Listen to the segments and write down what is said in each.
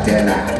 Atena.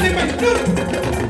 Aliou Mbaye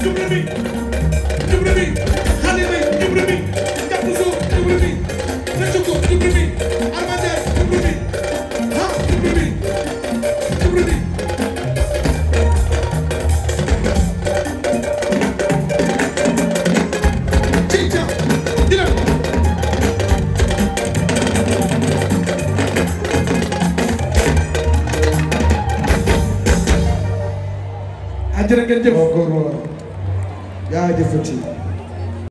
jublu bi